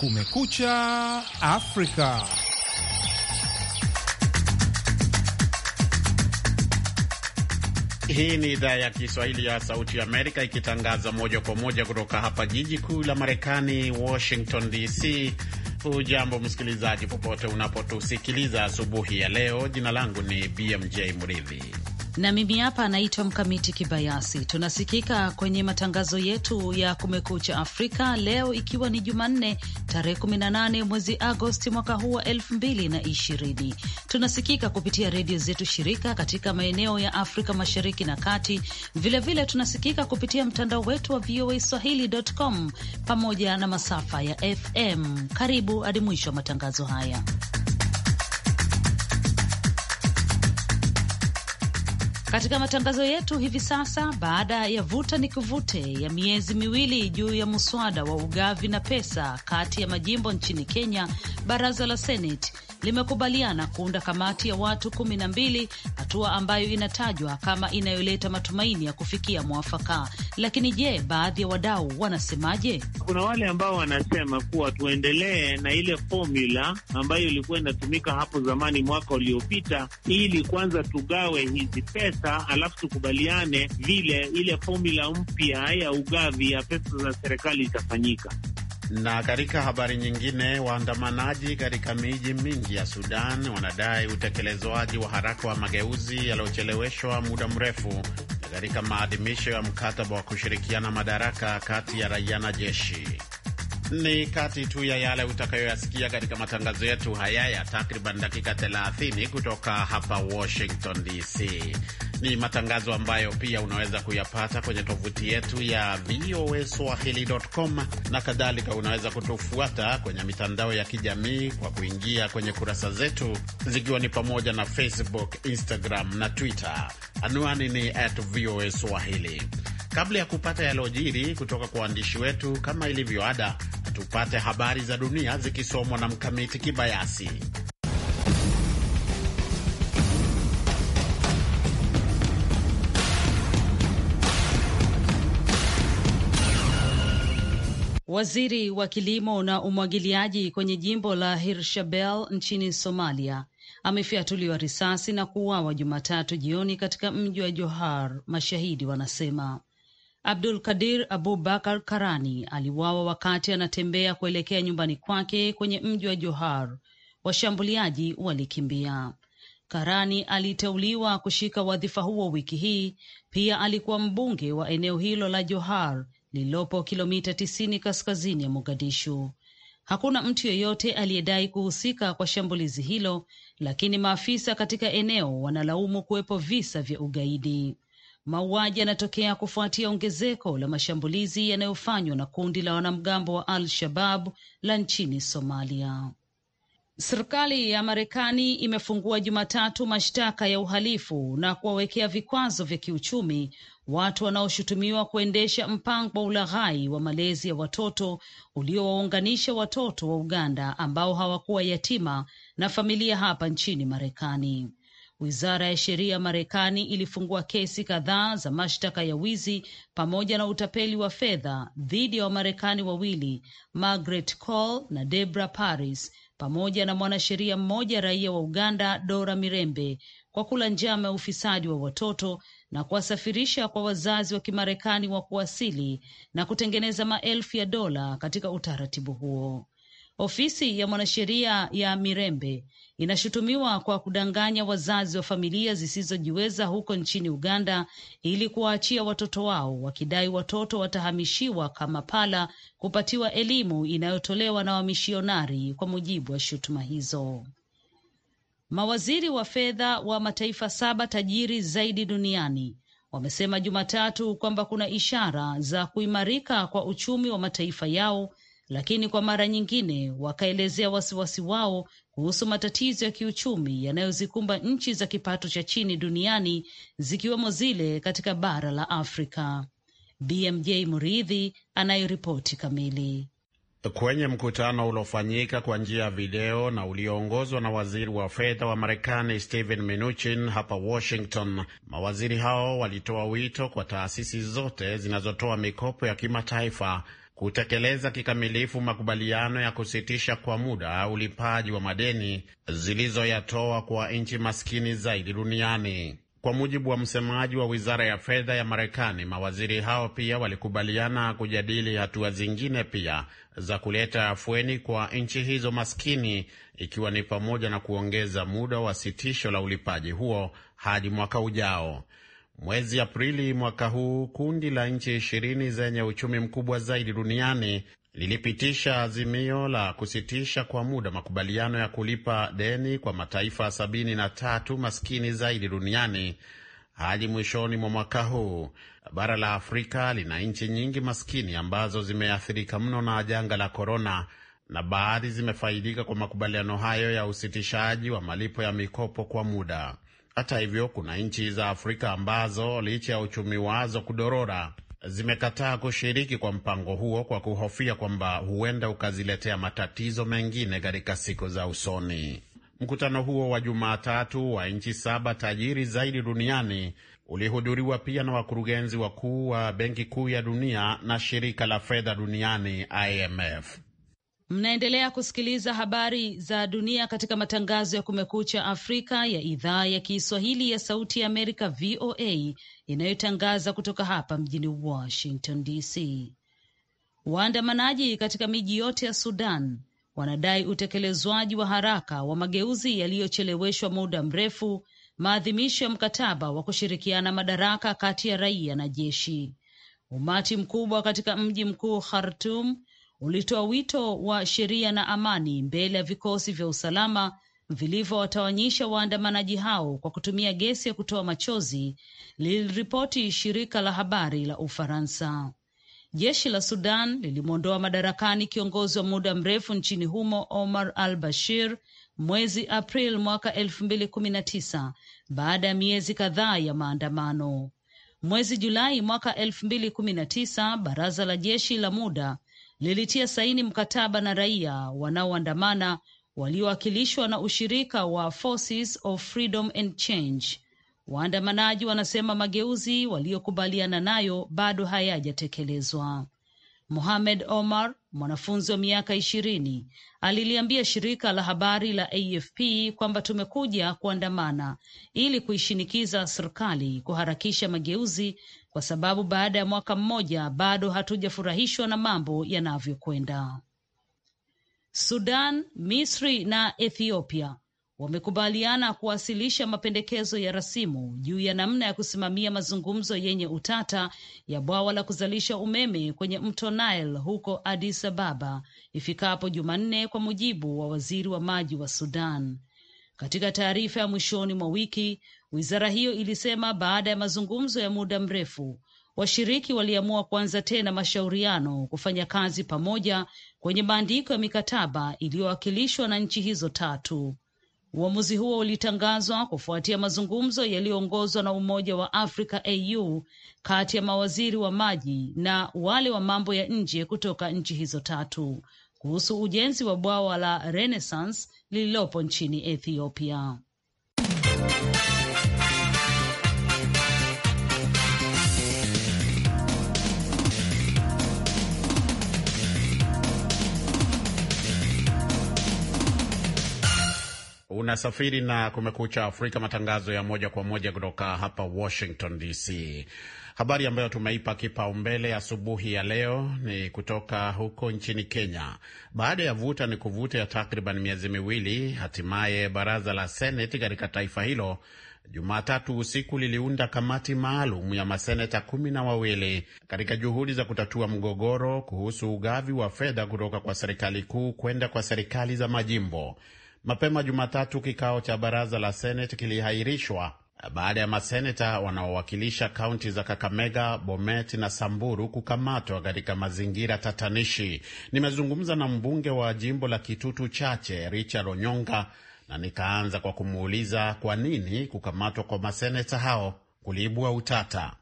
Kumekucha Afrika. Hii ni idhaa ya Kiswahili ya Sauti ya Amerika ikitangaza moja kwa moja kutoka hapa jiji kuu la Marekani, Washington DC. Hujambo msikilizaji, popote unapotusikiliza asubuhi ya leo. Jina langu ni BMJ Mridhi na mimi hapa anaitwa Mkamiti Kibayasi. Tunasikika kwenye matangazo yetu ya Kumekucha Afrika leo ikiwa ni Jumanne tarehe 18 mwezi Agosti mwaka huu wa 2020. Tunasikika kupitia redio zetu shirika katika maeneo ya Afrika Mashariki na Kati. Vilevile vile tunasikika kupitia mtandao wetu wa VOA Swahili.com pamoja na masafa ya FM. Karibu hadi mwisho wa matangazo haya. katika matangazo yetu hivi sasa. Baada ya vuta ni kuvute ya miezi miwili juu ya muswada wa ugavi na pesa kati ya majimbo nchini Kenya, baraza la Seneti limekubaliana kuunda kamati ya watu kumi na mbili, hatua ambayo inatajwa kama inayoleta matumaini ya kufikia mwafaka. Lakini je, baadhi ya wadau wanasemaje? Kuna wale ambao wanasema kuwa tuendelee na ile fomula ambayo ilikuwa inatumika hapo zamani mwaka uliopita, ili kwanza tugawe hizi pesa, alafu tukubaliane vile ile fomula mpya ya ugavi ya pesa za serikali itafanyika. Na katika habari nyingine, waandamanaji katika miji mingi ya Sudan wanadai utekelezwaji wa haraka wa mageuzi yaliyocheleweshwa muda mrefu katika maadhimisho ya mkataba wa kushirikiana madaraka kati ya raia na jeshi. Ni kati tu ya yale utakayoyasikia katika matangazo yetu haya ya takriban dakika 30 kutoka hapa Washington DC. Ni matangazo ambayo pia unaweza kuyapata kwenye tovuti yetu ya swahili.com na kadhalika. Unaweza kutufuata kwenye mitandao ya kijamii kwa kuingia kwenye kurasa zetu zikiwa ni pamoja na Facebook, Instagram na Twitter. Anwani ni at voa swahili. Kabla ya kupata yalojiri kutoka kwa waandishi wetu, kama ilivyo ada tupate habari za dunia zikisomwa na Mkamiti Kibayasi. Waziri wa kilimo na umwagiliaji kwenye jimbo la Hirshabelle nchini Somalia amefyatuliwa risasi na kuuawa Jumatatu jioni katika mji wa Johar, mashahidi wanasema. Abdul Kadir Abubakar Karani aliuawa wakati anatembea kuelekea nyumbani kwake kwenye mji wa Johar. Washambuliaji walikimbia. Karani aliteuliwa kushika wadhifa huo wiki hii. Pia alikuwa mbunge wa eneo hilo la Johar lililopo kilomita 90 kaskazini ya Mogadishu. Hakuna mtu yeyote aliyedai kuhusika kwa shambulizi hilo, lakini maafisa katika eneo wanalaumu kuwepo visa vya ugaidi. Mauaji yanatokea kufuatia ongezeko la mashambulizi yanayofanywa na kundi la wanamgambo wa Al Shabab la nchini Somalia. Serikali ya Marekani imefungua Jumatatu mashtaka ya uhalifu na kuwawekea vikwazo vya kiuchumi watu wanaoshutumiwa kuendesha mpango wa ulaghai wa malezi ya watoto uliowaunganisha watoto wa Uganda ambao hawakuwa yatima na familia hapa nchini Marekani. Wizara ya sheria ya Marekani ilifungua kesi kadhaa za mashtaka ya wizi pamoja na utapeli wa fedha dhidi ya Wamarekani wawili Margaret Cole na Debra Paris pamoja na mwanasheria mmoja raia wa Uganda Dora Mirembe kwa kula njama ya ufisadi wa watoto na kuwasafirisha kwa wazazi wa Kimarekani wa kuasili na kutengeneza maelfu ya dola katika utaratibu huo. Ofisi ya mwanasheria ya Mirembe inashutumiwa kwa kudanganya wazazi wa familia zisizojiweza huko nchini Uganda ili kuwaachia watoto wao, wakidai watoto watahamishiwa kama pala kupatiwa elimu inayotolewa na wamishionari, kwa mujibu wa shutuma hizo. Mawaziri wa fedha wa mataifa saba tajiri zaidi duniani wamesema Jumatatu kwamba kuna ishara za kuimarika kwa uchumi wa mataifa yao lakini kwa mara nyingine wakaelezea wasiwasi wao kuhusu matatizo ya kiuchumi yanayozikumba nchi za kipato cha chini duniani zikiwemo zile katika bara la Afrika. BMJ Muridhi anayeripoti kamili. Kwenye mkutano uliofanyika kwa njia ya video na ulioongozwa na waziri wa fedha wa Marekani Steven Mnuchin hapa Washington, mawaziri hao walitoa wito kwa taasisi zote zinazotoa mikopo ya kimataifa kutekeleza kikamilifu makubaliano ya kusitisha kwa muda ulipaji wa madeni zilizoyatoa kwa nchi maskini zaidi duniani. Kwa mujibu wa msemaji wa wizara ya fedha ya Marekani, mawaziri hao pia walikubaliana kujadili hatua zingine pia za kuleta afueni kwa nchi hizo maskini, ikiwa ni pamoja na kuongeza muda wa sitisho la ulipaji huo hadi mwaka ujao. Mwezi Aprili mwaka huu kundi la nchi ishirini zenye uchumi mkubwa zaidi duniani lilipitisha azimio la kusitisha kwa muda makubaliano ya kulipa deni kwa mataifa sabini na tatu maskini zaidi duniani hadi mwishoni mwa mwaka huu. Bara la Afrika lina nchi nyingi maskini ambazo zimeathirika mno na janga la korona, na baadhi zimefaidika kwa makubaliano hayo ya usitishaji wa malipo ya mikopo kwa muda. Hata hivyo, kuna nchi za Afrika ambazo licha ya uchumi wazo kudorora zimekataa kushiriki kwa mpango huo kwa kuhofia kwamba huenda ukaziletea matatizo mengine katika siku za usoni. Mkutano huo wa Jumatatu wa nchi saba tajiri zaidi duniani ulihudhuriwa pia na wakurugenzi wakuu wa Benki Kuu ya Dunia na Shirika la Fedha Duniani IMF. Mnaendelea kusikiliza habari za dunia katika matangazo ya Kumekucha Afrika ya idhaa ya Kiswahili ya Sauti ya Amerika, VOA, inayotangaza kutoka hapa mjini Washington DC. Waandamanaji katika miji yote ya Sudan wanadai utekelezwaji wa haraka wa mageuzi yaliyocheleweshwa muda mrefu, maadhimisho ya mkataba wa kushirikiana madaraka kati ya raia na jeshi. Umati mkubwa katika mji mkuu Khartum ulitoa wito wa sheria na amani mbele ya vikosi vya usalama vilivyowatawanyisha waandamanaji hao kwa kutumia gesi ya kutoa machozi, liliripoti shirika la habari la Ufaransa. Jeshi la Sudan lilimwondoa madarakani kiongozi wa muda mrefu nchini humo Omar al Bashir mwezi April mwaka elfu mbili kumi na tisa baada ya miezi kadhaa ya maandamano. Mwezi Julai mwaka elfu mbili kumi na tisa baraza la jeshi la muda lilitia saini mkataba na raia wanaoandamana waliowakilishwa na ushirika wa Forces of Freedom and Change. Waandamanaji wanasema mageuzi waliokubaliana nayo bado hayajatekelezwa. Mohamed Omar mwanafunzi wa miaka ishirini aliliambia shirika la habari la AFP kwamba tumekuja kuandamana ili kuishinikiza serikali kuharakisha mageuzi, kwa sababu baada ya mwaka mmoja bado hatujafurahishwa na mambo yanavyokwenda. Sudan, Misri na Ethiopia wamekubaliana kuwasilisha mapendekezo ya rasimu juu ya namna ya kusimamia mazungumzo yenye utata ya bwawa la kuzalisha umeme kwenye mto Nile huko Addis Ababa ifikapo Jumanne, kwa mujibu wa waziri wa maji wa Sudan. Katika taarifa ya mwishoni mwa wiki, wizara hiyo ilisema baada ya mazungumzo ya muda mrefu washiriki waliamua kuanza tena mashauriano kufanya kazi pamoja kwenye maandiko ya mikataba iliyowakilishwa na nchi hizo tatu. Uamuzi huo ulitangazwa kufuatia mazungumzo yaliyoongozwa na Umoja wa Afrika au kati ya mawaziri wa maji na wale wa mambo ya nje kutoka nchi hizo tatu kuhusu ujenzi wa bwawa la Renaissance lililopo nchini Ethiopia. Unasafiri na Kumekucha Afrika, matangazo ya moja kwa moja kutoka hapa Washington DC. Habari ambayo tumeipa kipaumbele asubuhi ya leo ni kutoka huko nchini Kenya. Baada ya vuta ni kuvuta ya takriban miezi miwili, hatimaye baraza la seneti katika taifa hilo Jumatatu usiku liliunda kamati maalum ya maseneta kumi na wawili katika juhudi za kutatua mgogoro kuhusu ugavi wa fedha kutoka kwa serikali kuu kwenda kwa serikali za majimbo. Mapema Jumatatu, kikao cha baraza la Seneti kiliahirishwa baada ya maseneta wanaowakilisha kaunti za Kakamega, Bomet na Samburu kukamatwa katika mazingira tatanishi. Nimezungumza na mbunge wa jimbo la Kitutu Chache, Richard Onyonga, na nikaanza kwa kumuuliza kwa nini kukamatwa kwa maseneta hao kuliibua utata.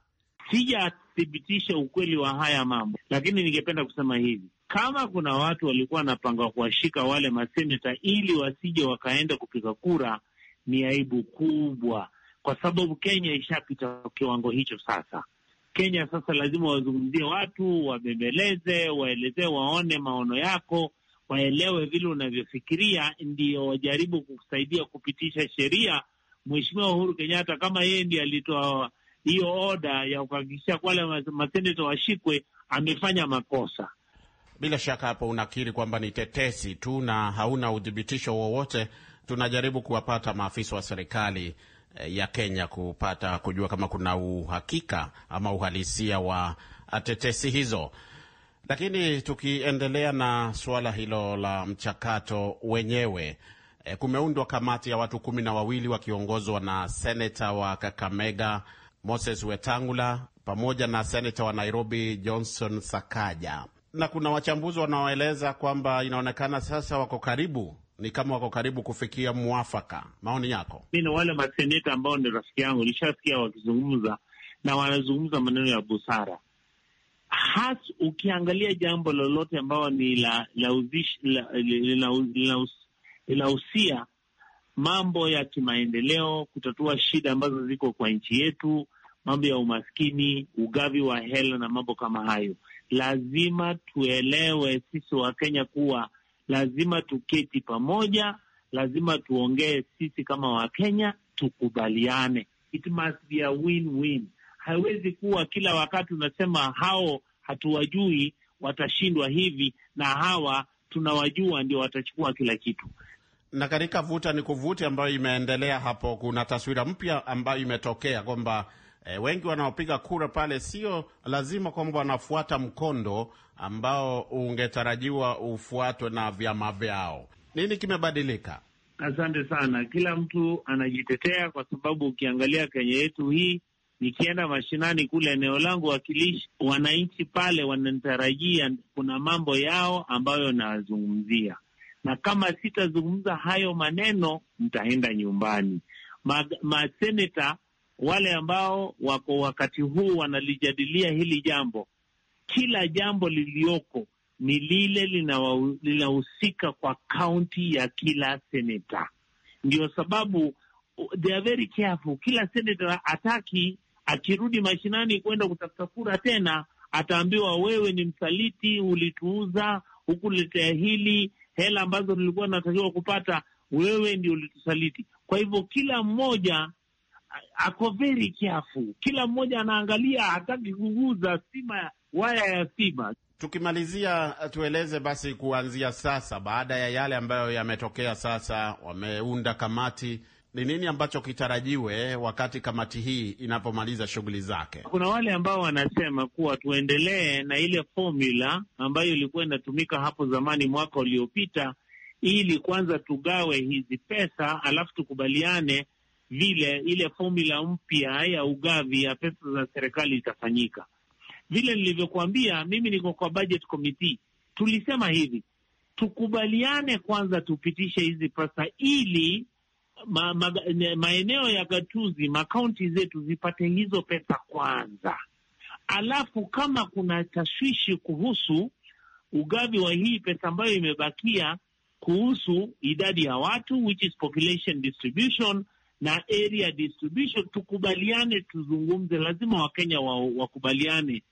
Sijathibitisha ukweli wa haya mambo, lakini ningependa kusema hivi kama kuna watu walikuwa wanapanga kuwashika wale maseneta ili wasije wakaenda kupiga kura, ni aibu kubwa, kwa sababu Kenya ishapita kiwango hicho. Sasa Kenya sasa lazima wazungumzie watu, wabembeleze, waelezee, waone maono yako, waelewe vile unavyofikiria, ndio wajaribu kusaidia kupitisha sheria. Mheshimiwa Uhuru Kenyatta, kama yeye ndiye alitoa hiyo oda ya kuhakikisha wale maseneta washikwe, amefanya makosa bila shaka hapo unakiri kwamba ni tetesi tu na hauna udhibitisho wowote. Tunajaribu kuwapata maafisa wa serikali eh, ya Kenya kupata kujua kama kuna uhakika ama uhalisia wa tetesi hizo. Lakini tukiendelea na suala hilo la mchakato wenyewe, e, kumeundwa kamati ya watu kumi na wawili wakiongozwa na seneta wa Kakamega Moses Wetangula pamoja na seneta wa Nairobi Johnson Sakaja na kuna wachambuzi wanaoeleza kwamba inaonekana sasa wako karibu ni kama wako karibu kufikia mwafaka. Maoni yako? Mi na wale maseneta ambao ni rafiki yangu nishasikia wakizungumza, na wanazungumza maneno ya busara. has ukiangalia jambo lolote ambao ni la linahusia mambo ya kimaendeleo, kutatua shida ambazo ziko kwa nchi yetu, mambo ya umaskini, ugavi wa hela na mambo kama hayo. Lazima tuelewe sisi Wakenya kuwa lazima tuketi pamoja, lazima tuongee sisi kama Wakenya, tukubaliane. It must be a win-win. Haiwezi kuwa kila wakati unasema hao hatuwajui watashindwa hivi na hawa tunawajua ndio watachukua kila kitu. Na katika vuta ni kuvuti ambayo imeendelea hapo, kuna taswira mpya ambayo imetokea kwamba e, wengi wanaopiga kura pale sio lazima kwamba wanafuata mkondo ambao ungetarajiwa ufuatwe na vyama vyao. Nini kimebadilika? Asante sana. Kila mtu anajitetea kwa sababu ukiangalia Kenya yetu hii, nikienda mashinani kule eneo langu, wakilishi wananchi pale wanatarajia kuna mambo yao ambayo nawazungumzia, na kama sitazungumza hayo maneno, mtaenda nyumbani. Maseneta wale ambao wako wakati huu wanalijadilia hili jambo, kila jambo liliyoko ni lile linahusika kwa kaunti ya kila seneta. Ndio sababu uh, they are very careful. Kila seneta ataki, akirudi mashinani kwenda kutafuta kura tena ataambiwa, wewe ni msaliti, ulituuza, hukuletea hili hela ambazo tulikuwa natakiwa kupata, wewe ndio ulitusaliti. Kwa hivyo kila mmoja ako very careful, kila mmoja anaangalia, hataki kuguza stima, waya ya stima. Tukimalizia eh, tueleze basi, kuanzia sasa, baada ya yale ambayo yametokea sasa, wameunda kamati ni nini ambacho kitarajiwe eh, wakati kamati hii inapomaliza shughuli zake? Kuna wale ambao wanasema kuwa tuendelee na ile formula ambayo ilikuwa inatumika hapo zamani mwaka uliopita, ili kwanza tugawe hizi pesa, alafu tukubaliane vile ile fomula mpya ya ugavi ya pesa za serikali itafanyika. Vile nilivyokuambia, mimi niko kwa budget committee, tulisema hivi, tukubaliane kwanza tupitishe hizi pesa ili ma, ma, maeneo ya gatuzi makaunti zetu zipate hizo pesa kwanza, alafu kama kuna tashwishi kuhusu ugavi wa hii pesa ambayo imebakia kuhusu idadi ya watu which is population distribution na area distribution, tukubaliane, tuzungumze, lazima Wakenya wakubaliane.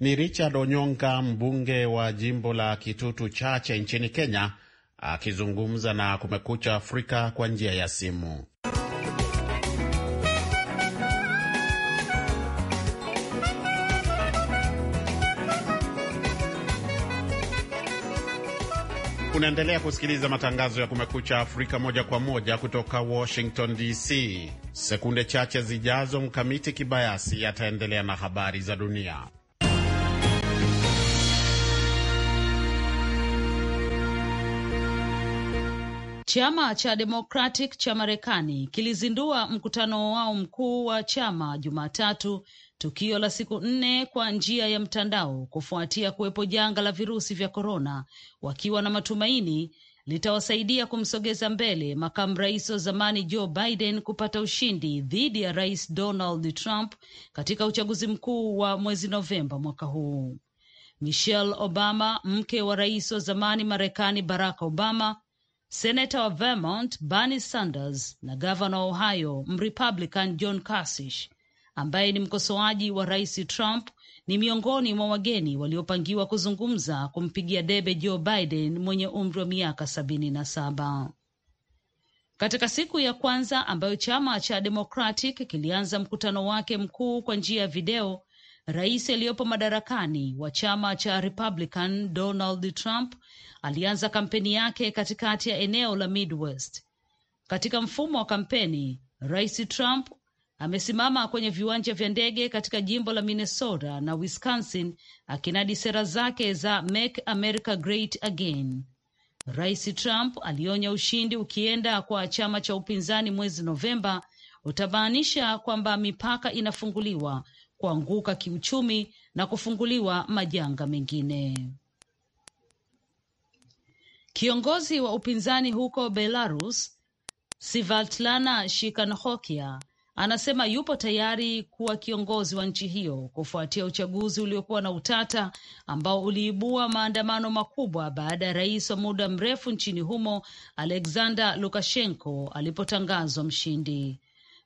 Ni Richard Onyonka, mbunge wa jimbo la Kitutu Chache nchini Kenya, akizungumza na Kumekucha Afrika kwa njia ya simu. Unaendelea kusikiliza matangazo ya Kumekucha Afrika moja kwa moja kutoka Washington DC. Sekunde chache zijazo, Mkamiti Kibayasi ataendelea na habari za dunia. Chama cha Democratic cha Marekani kilizindua mkutano wao mkuu wa chama Jumatatu tukio la siku nne kwa njia ya mtandao kufuatia kuwepo janga la virusi vya korona, wakiwa na matumaini litawasaidia kumsogeza mbele makamu rais wa zamani Joe Biden kupata ushindi dhidi ya rais Donald Trump katika uchaguzi mkuu wa mwezi Novemba mwaka huu. Michelle Obama, mke wa rais wa zamani Marekani Barack Obama, senata wa Vermont Bernie Sanders na gavana wa Ohio Mrepublican John Kasich ambaye ni mkosoaji wa rais Trump ni miongoni mwa wageni waliopangiwa kuzungumza kumpigia debe Joe Biden mwenye umri wa miaka sabini na saba. Katika siku ya kwanza ambayo chama cha Democratic kilianza mkutano wake mkuu kwa njia ya video, rais aliyopo madarakani wa chama cha Republican Donald Trump alianza kampeni yake katikati ya eneo la Midwest. Katika mfumo wa kampeni, rais Trump amesimama kwenye viwanja vya ndege katika jimbo la Minnesota na Wisconsin akinadi sera zake za Make America Great Again. Rais Trump alionya ushindi ukienda kwa chama cha upinzani mwezi Novemba utamaanisha kwamba mipaka inafunguliwa, kuanguka kiuchumi na kufunguliwa majanga mengine. Kiongozi wa upinzani huko Belarus Sviatlana Shikanhokia anasema yupo tayari kuwa kiongozi wa nchi hiyo kufuatia uchaguzi uliokuwa na utata ambao uliibua maandamano makubwa baada ya rais wa muda mrefu nchini humo Alexander Lukashenko alipotangazwa mshindi.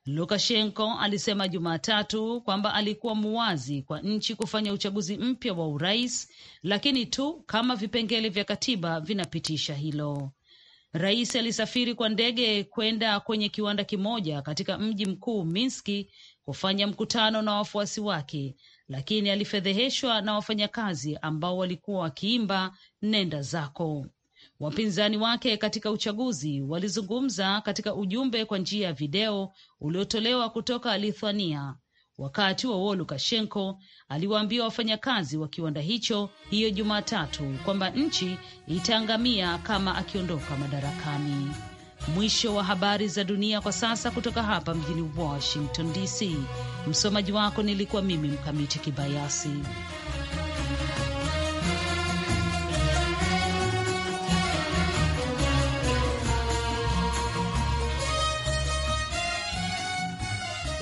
Lukashenko alisema Jumatatu kwamba alikuwa muwazi kwa nchi kufanya uchaguzi mpya wa urais, lakini tu kama vipengele vya katiba vinapitisha hilo. Rais alisafiri kwa ndege kwenda kwenye kiwanda kimoja katika mji mkuu Minski kufanya mkutano na wafuasi wake, lakini alifedheheshwa na wafanyakazi ambao walikuwa wakiimba nenda zako. Wapinzani wake katika uchaguzi walizungumza katika ujumbe kwa njia ya video uliotolewa kutoka Lithuania Wakati wa wo Lukashenko aliwaambia wafanyakazi wa kiwanda hicho hiyo Jumatatu kwamba nchi itaangamia kama akiondoka madarakani. Mwisho wa habari za dunia kwa sasa, kutoka hapa mjini Washington DC. Msomaji wako nilikuwa mimi Mkamiti Kibayasi.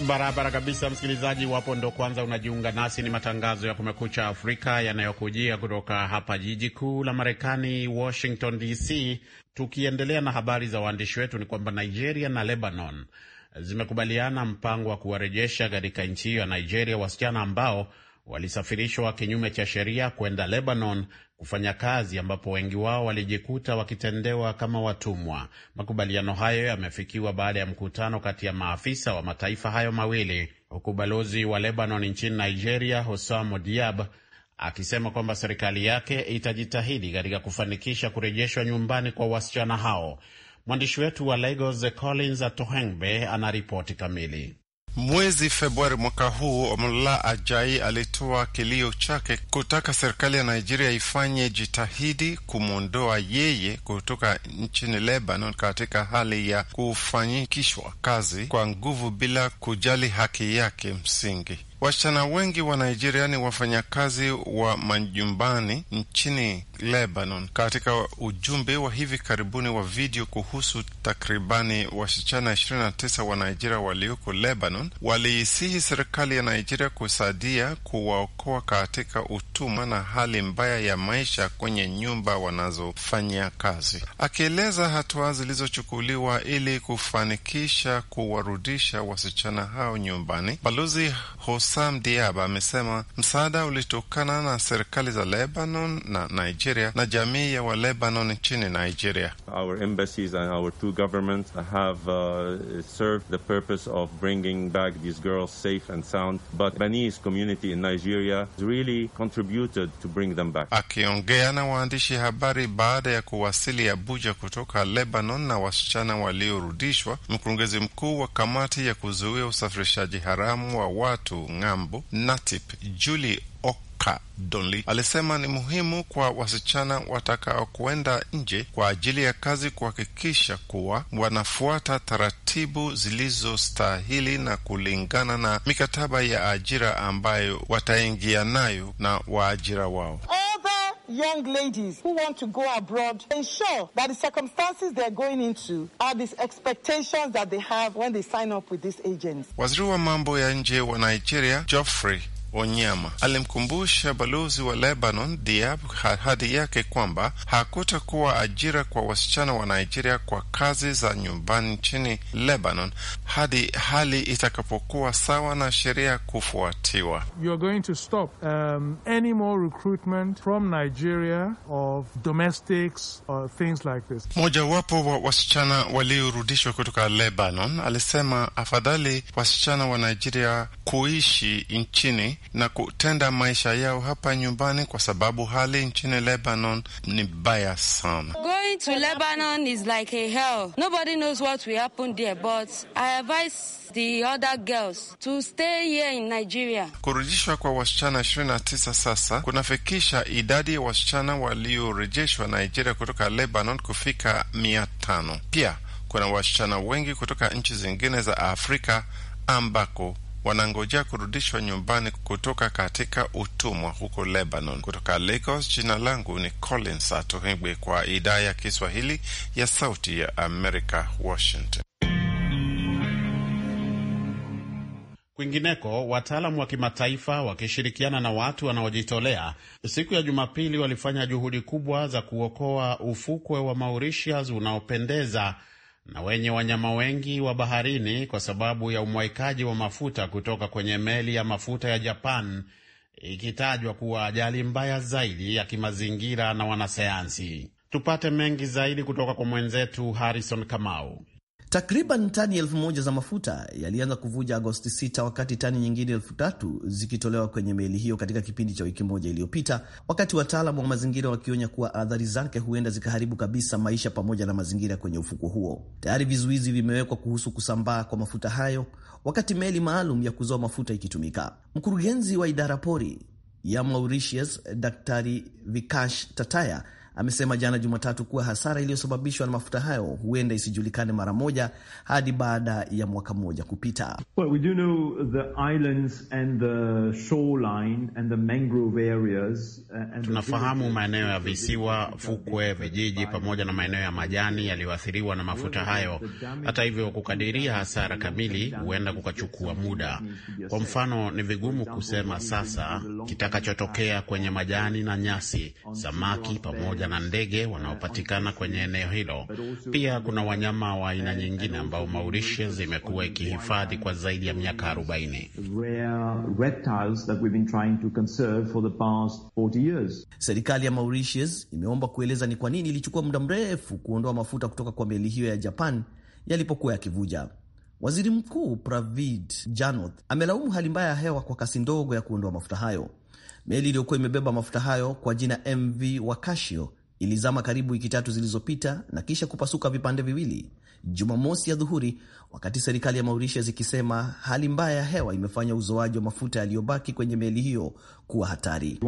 Barabara kabisa, msikilizaji wapo ndo kwanza unajiunga nasi, ni matangazo ya Kumekucha Afrika yanayokujia kutoka hapa jiji kuu la Marekani, Washington DC. Tukiendelea na habari za waandishi wetu, ni kwamba Nigeria na Lebanon zimekubaliana mpango wa kuwarejesha katika nchi hiyo ya Nigeria wasichana ambao walisafirishwa kinyume cha sheria kwenda Lebanon kufanya kazi ambapo wengi wao walijikuta wakitendewa kama watumwa. Makubaliano hayo yamefikiwa baada ya mkutano kati ya maafisa wa mataifa hayo mawili, huku balozi wa Lebanon nchini Nigeria Hossam Diab akisema kwamba serikali yake itajitahidi katika kufanikisha kurejeshwa nyumbani kwa wasichana hao. Mwandishi wetu wa Lagos Collins Atohengbe anaripoti kamili. Mwezi Februari mwaka huu, mla Ajai alitoa kilio chake kutaka serikali ya Nigeria ifanye jitahidi kumwondoa yeye kutoka nchini Lebanon katika hali ya kufanyikishwa kazi kwa nguvu bila kujali haki yake msingi. Wasichana wengi wa Nigeria ni wafanyakazi wa majumbani nchini Lebanon katika ujumbe wa hivi karibuni wa video kuhusu takribani wasichana 29 wa Nigeria walioko Lebanon waliisihi serikali ya Nigeria kusaidia kuwaokoa katika utumwa na hali mbaya ya maisha kwenye nyumba wanazofanyia kazi. Akieleza hatua zilizochukuliwa ili kufanikisha kuwarudisha wasichana hao nyumbani, Balozi Hosam Diaba amesema msaada ulitokana na serikali za Lebanon na Nigeria Nigeria na jamii ya Walebanon nchini Nigeria. Our embassies and our two governments have uh, served the purpose of bringing back these girls safe and sound, but Banis community in Nigeria really contributed to bring them back. Akiongea na waandishi habari baada ya kuwasili Abuja kutoka Lebanon na wasichana waliorudishwa, mkurugenzi mkuu wa kamati ya kuzuia usafirishaji haramu wa watu ng'ambo, NATIP, Julie Rebecca Donli alisema ni muhimu kwa wasichana watakao kuenda nje kwa ajili ya kazi kuhakikisha kuwa wanafuata taratibu zilizostahili na kulingana na mikataba ya ajira ambayo wataingia nayo na waajira wao. Young ladies who want to go abroad, ensure that the circumstances they are going into are expectations that they have when they sign up with Waziri wa mambo ya nje wa Nigeria, Geoffrey Onyama alimkumbusha balozi wa Lebanon Diab hadi yake kwamba hakutakuwa ajira kwa wasichana wa Nigeria kwa kazi za nyumbani nchini Lebanon hadi hali itakapokuwa sawa na sheria kufuatiwa. You are going to stop, um, any more recruitment from Nigeria of domestics or things like this. Mojawapo wa wasichana waliorudishwa kutoka Lebanon alisema afadhali wasichana wa Nigeria kuishi nchini na kutenda maisha yao hapa nyumbani, kwa sababu hali nchini Lebanon ni baya sana. Going to Lebanon is like a hell. Nobody knows what will happen there, but I advise the other girls to stay here in Nigeria. Kurejeshwa kwa wasichana 29 sasa kunafikisha idadi ya wasichana waliorejeshwa Nigeria kutoka Lebanon kufika mia Pia kuna wasichana wengi kutoka nchi zingine za Afrika ambako wanangojea kurudishwa nyumbani kutoka katika utumwa huko Lebanon. Kutoka Lagos, jina langu ni Collins Atohegwe kwa idhaa ya Kiswahili ya Sauti ya Amerika, Washington. Kwingineko, wataalamu wa kimataifa wakishirikiana na watu wanaojitolea siku ya Jumapili walifanya juhudi kubwa za kuokoa ufukwe wa Mauritius unaopendeza na wenye wanyama wengi wa baharini kwa sababu ya umwaikaji wa mafuta kutoka kwenye meli ya mafuta ya Japan, ikitajwa kuwa ajali mbaya zaidi ya kimazingira na wanasayansi. Tupate mengi zaidi kutoka kwa mwenzetu Harrison Kamau. Takriban tani elfu moja za mafuta yalianza kuvuja Agosti 6 wakati tani nyingine elfu tatu zikitolewa kwenye meli hiyo katika kipindi cha wiki moja iliyopita, wakati wataalamu wa mazingira wakionya kuwa athari zake huenda zikaharibu kabisa maisha pamoja na mazingira kwenye ufuko huo. Tayari vizuizi vimewekwa kuhusu kusambaa kwa mafuta hayo, wakati meli maalum ya kuzoa mafuta ikitumika. Mkurugenzi wa idara pori ya Mauritius, Daktari Vikash Tataya amesema jana Jumatatu kuwa hasara iliyosababishwa na mafuta hayo huenda isijulikane mara moja hadi baada ya mwaka mmoja kupita. Well, we do know the islands and the shoreline and the mangrove areas uh, and tunafahamu maeneo ya visiwa, fukwe, vijiji pamoja na maeneo ya majani yaliyoathiriwa na mafuta hayo. Hata hivyo, kukadiria hasara kamili huenda kukachukua muda. Kwa mfano, ni vigumu kusema sasa kitakachotokea kwenye majani na nyasi, samaki pamoja na ndege wanaopatikana kwenye eneo hilo. Pia kuna wanyama wa aina nyingine ambao Mauritius imekuwa ikihifadhi kwa zaidi ya miaka 40. Serikali ya Mauritius imeomba kueleza ni kwa nini ilichukua muda mrefu kuondoa mafuta kutoka kwa meli hiyo ya Japan yalipokuwa yakivuja. Waziri Mkuu Pravid Janoth amelaumu hali mbaya ya hewa kwa kasi ndogo ya kuondoa mafuta hayo. Meli iliyokuwa imebeba mafuta hayo kwa jina MV Wakashio ilizama karibu wiki tatu zilizopita na kisha kupasuka vipande viwili Jumamosi ya dhuhuri, wakati serikali ya Mauritius ikisema hali mbaya ya hewa imefanya uzoaji wa mafuta yaliyobaki kwenye meli hiyo kuwa hatari.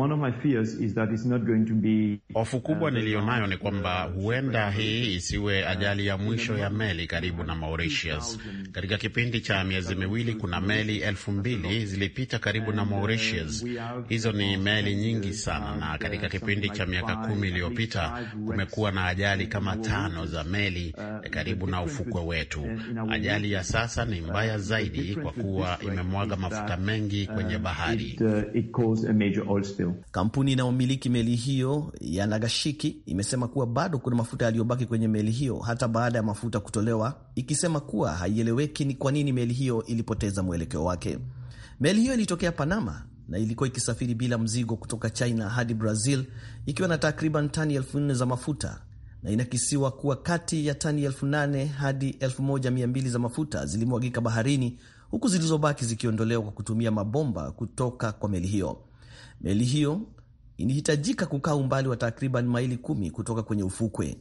Hofu uh, kubwa niliyonayo ni kwamba huenda hii isiwe ajali ya mwisho ya meli karibu na Mauritius. Katika kipindi cha miezi miwili, kuna meli elfu mbili zilipita karibu na uh, Mauritius. Hizo ni meli nyingi uh, sana, na katika kipindi cha miaka kumi iliyopita kumekuwa na ajali kama tano za meli eh, karibu na na ufukwe wetu. Ajali ya sasa ni mbaya zaidi kwa kuwa imemwaga mafuta mengi kwenye um, bahari. Uh, Kampuni inayomiliki meli hiyo ya Nagashiki imesema kuwa bado kuna mafuta yaliyobaki kwenye meli hiyo hata baada ya mafuta kutolewa, ikisema kuwa haieleweki ni kwa nini meli hiyo ilipoteza mwelekeo wake. Meli hiyo ilitokea Panama na ilikuwa ikisafiri bila mzigo kutoka China hadi Brazil ikiwa na takriban tani elfu nne za mafuta na inakisiwa kuwa kati ya tani elfu nane hadi elfu moja mia mbili za mafuta zilimwagika baharini huku zilizobaki zikiondolewa kwa kutumia mabomba kutoka kwa meli hiyo. Meli hiyo ilihitajika kukaa umbali wa takriban maili kumi kutoka kwenye ufukwe.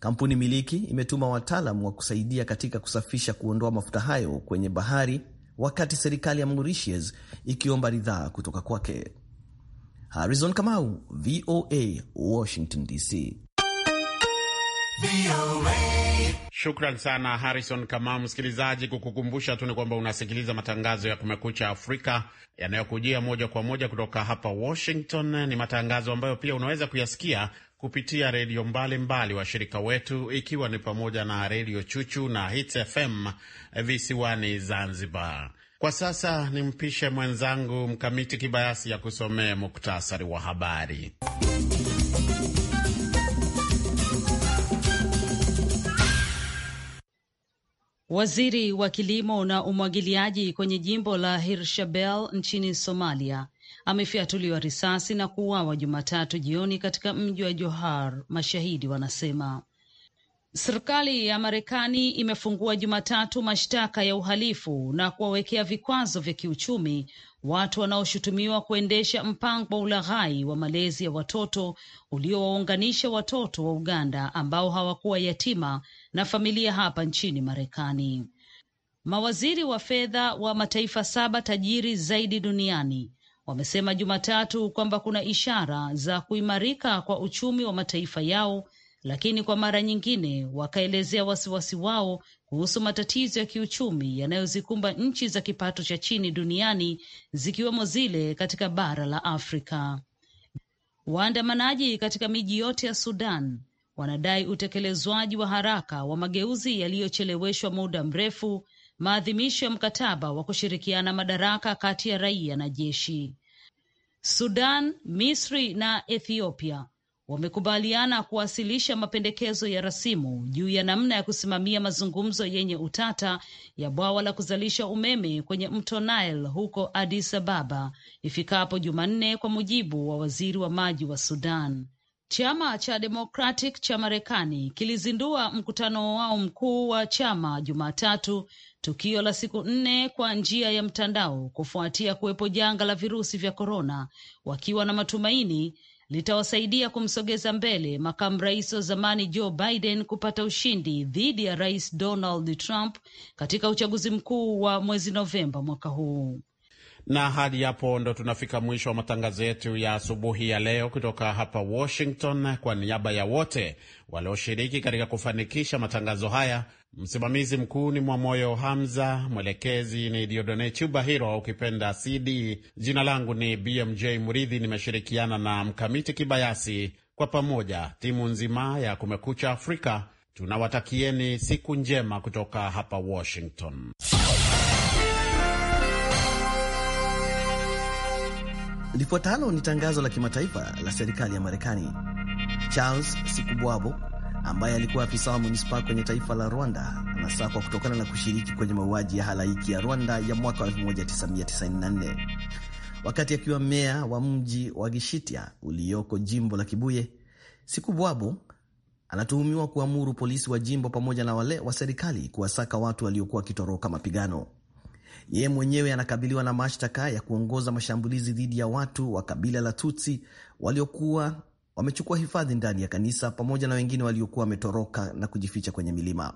Kampuni miliki imetuma wataalam wa kusaidia katika kusafisha, kuondoa mafuta hayo kwenye bahari, wakati serikali ya Mauritius ikiomba ridhaa kutoka kwake. Harrison Kamau, VOA, Washington DC. Shukran sana Harrison Kamau. Msikilizaji, kukukumbusha tu ni kwamba unasikiliza matangazo ya Kumekucha Afrika yanayokujia moja kwa moja kutoka hapa Washington. Ni matangazo ambayo pia unaweza kuyasikia kupitia redio mbalimbali washirika wetu, ikiwa ni pamoja na redio Chuchu na Hits FM visiwani Zanzibar. Kwa sasa nimpishe mwenzangu Mkamiti Kibayasi ya kusomea muktasari wa habari. Waziri wa kilimo na umwagiliaji kwenye jimbo la hirshabel nchini Somalia amefyatuliwa risasi na kuuawa Jumatatu jioni katika mji wa Johar, mashahidi wanasema. Serikali ya Marekani imefungua Jumatatu mashtaka ya uhalifu na kuwawekea vikwazo vya kiuchumi watu wanaoshutumiwa kuendesha mpango wa ulaghai wa malezi ya watoto uliowaunganisha watoto wa Uganda ambao hawakuwa yatima na familia hapa nchini Marekani. Mawaziri wa fedha wa mataifa saba tajiri zaidi duniani wamesema Jumatatu kwamba kuna ishara za kuimarika kwa uchumi wa mataifa yao lakini kwa mara nyingine wakaelezea wasiwasi wao kuhusu matatizo ya kiuchumi yanayozikumba nchi za kipato cha chini duniani zikiwemo zile katika bara la Afrika. Waandamanaji katika miji yote ya Sudan wanadai utekelezwaji wa haraka wa mageuzi yaliyocheleweshwa muda mrefu, maadhimisho ya mkataba wa kushirikiana madaraka kati ya raia na jeshi. Sudan, Misri na Ethiopia wamekubaliana kuwasilisha mapendekezo ya rasimu juu ya namna ya kusimamia mazungumzo yenye utata ya bwawa la kuzalisha umeme kwenye mto Nile huko Addis Ababa ifikapo Jumanne, kwa mujibu wa waziri wa maji wa Sudan. Chama cha Democratic cha Marekani kilizindua mkutano wao mkuu wa chama Jumatatu, tukio la siku nne kwa njia ya mtandao kufuatia kuwepo janga la virusi vya korona, wakiwa na matumaini litawasaidia kumsogeza mbele makamu rais wa zamani Joe Biden kupata ushindi dhidi ya rais Donald Trump katika uchaguzi mkuu wa mwezi Novemba mwaka huu. Na hadi hapo ndo tunafika mwisho wa matangazo yetu ya asubuhi ya leo kutoka hapa Washington. Kwa niaba ya wote walioshiriki katika kufanikisha matangazo haya Msimamizi mkuu ni Mwamoyo Hamza, mwelekezi ni Diodone Chuba Hiro, ukipenda CD. Jina langu ni BMJ Muridhi, nimeshirikiana na Mkamiti Kibayasi. Kwa pamoja timu nzima ya Kumekucha Afrika tunawatakieni siku njema kutoka hapa Washington. Lifuatalo ni tangazo la kimataifa la serikali ya Marekani. Charles Sikubwabo ambaye alikuwa afisa wa munisipa kwenye taifa la Rwanda, anasakwa kutokana na kushiriki kwenye mauaji ya halaiki ya Rwanda ya mwaka 1994 wakati akiwa meya wa mji wa Gishitia ulioko jimbo la Kibuye. Siku Bwabo anatuhumiwa kuamuru polisi wa jimbo pamoja na wale wa serikali kuwasaka watu waliokuwa wakitoroka mapigano. Yeye mwenyewe anakabiliwa na mashtaka ya kuongoza mashambulizi dhidi ya watu wa kabila la Tutsi waliokuwa wamechukua hifadhi ndani ya kanisa pamoja na wengine waliokuwa wametoroka na kujificha kwenye milima.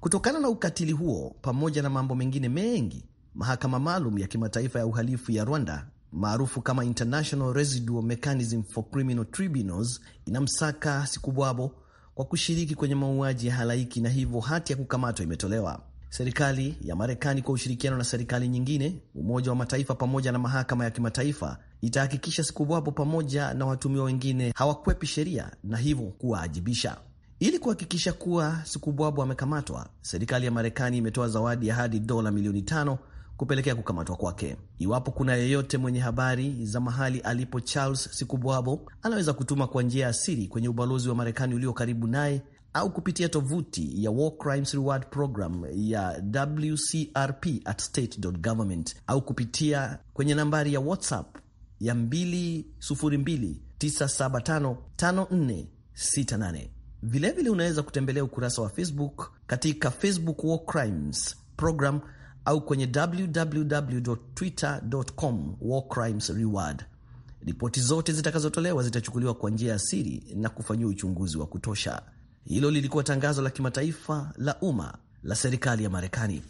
Kutokana na ukatili huo pamoja na mambo mengine mengi, mahakama maalum ya kimataifa ya uhalifu ya Rwanda maarufu kama International Residual Mechanism for Criminal Tribunals inamsaka Sikubwabo kwa kushiriki kwenye mauaji ya halaiki na hivyo hati ya kukamatwa imetolewa. Serikali ya Marekani kwa ushirikiano na serikali nyingine, Umoja wa Mataifa pamoja na mahakama ya kimataifa itahakikisha siku wapo pamoja na watumiwa wengine hawakwepi sheria na hivyo kuwaajibisha. Ili kuhakikisha kuwa sikubwabo amekamatwa, serikali ya Marekani imetoa zawadi ya hadi dola milioni tano kupelekea kukamatwa kwake. Iwapo kuna yeyote mwenye habari za mahali alipo Charles Sikubwabo, anaweza kutuma kwa njia ya siri kwenye ubalozi wa Marekani ulio karibu naye au kupitia tovuti ya War Crimes Reward Program ya WCRP at state.government au kupitia kwenye nambari ya WhatsApp ya 2029755468. Vilevile unaweza kutembelea ukurasa wa Facebook katika Facebook War Crimes Program au kwenye www com War Crimes Reward. Ripoti zote zitakazotolewa zitachukuliwa kwa njia ya siri na kufanyiwa uchunguzi wa kutosha. Hilo lilikuwa tangazo la kimataifa la umma la serikali ya Marekani.